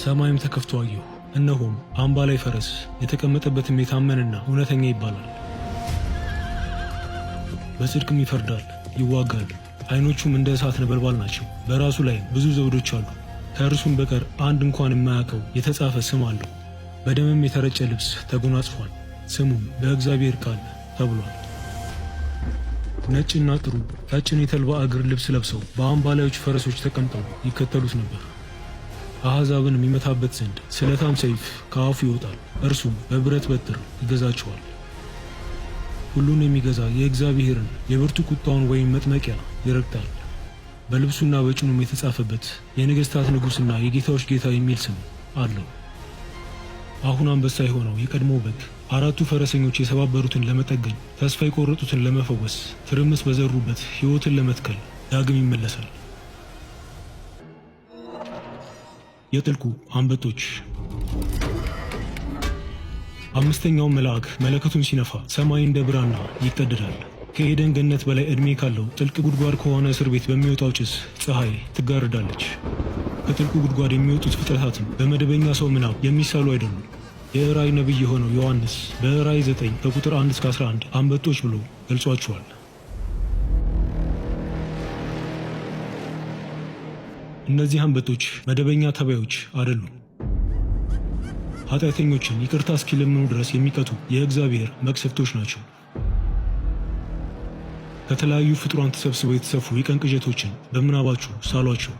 ሰማይም ተከፍቶ አየሁ፣ እነሆም አምባ ላይ ፈረስ የተቀመጠበትም የታመነና እውነተኛ ይባላል፣ በጽድቅም ይፈርዳል ይዋጋል። ዓይኖቹም እንደ እሳት ነበልባል ናቸው፣ በራሱ ላይም ብዙ ዘውዶች አሉ። ከእርሱም በቀር አንድ እንኳን የማያውቀው የተጻፈ ስም አለው። በደምም የተረጨ ልብስ ተጎናጽፏል፣ ስሙም በእግዚአብሔር ቃል ተብሏል። ነጭና ጥሩ ቀጭን የተልባ እግር ልብስ ለብሰው በአምባላዮች ፈረሶች ተቀምጠው ይከተሉት ነበር። አሕዛብን የሚመታበት ዘንድ ስለታም ሰይፍ ከአፉ ይወጣል፣ እርሱም በብረት በትር ይገዛቸዋል። ሁሉን የሚገዛ የእግዚአብሔርን የብርቱ ቁጣውን ወይም መጥመቂያ ይረግጣል። በልብሱና በጭኑም የተጻፈበት የነገሥታት ንጉሥና የጌታዎች ጌታ የሚል ስም አለው። አሁን አንበሳ የሆነው የቀድሞ በግ አራቱ ፈረሰኞች የሰባበሩትን ለመጠገን ተስፋ የቆረጡትን ለመፈወስ ትርምስ በዘሩበት ሕይወትን ለመትከል ዳግም ይመለሳል። የጥልቁ አንበጦች አምስተኛው መልአክ መለከቱን ሲነፋ ሰማይ እንደ ብራና ይቀደዳል። ከኤደን ገነት በላይ ዕድሜ ካለው ጥልቅ ጉድጓድ ከሆነ እስር ቤት በሚወጣው ጭስ ፀሐይ ትጋርዳለች። ከጥልቁ ጉድጓድ የሚወጡት ፍጥረታትም በመደበኛ ሰው ምናብ የሚሳሉ አይደሉም። የእራይ ነቢይ የሆነው ዮሐንስ በእራይ 9 ከቁጥር 1 እስከ 11 አንበጦች ብሎ ገልጿቸዋል። እነዚህ አንበጦች መደበኛ ተባዮች አይደሉም። ኃጢአተኞችን ይቅርታ እስኪለምኑ ድረስ የሚቀጡ የእግዚአብሔር መቅሰፍቶች ናቸው። ከተለያዩ ፍጡራን ተሰብስበው የተሰፉ የቀን ቅዠቶችን በምናባችሁ ሳሏቸው።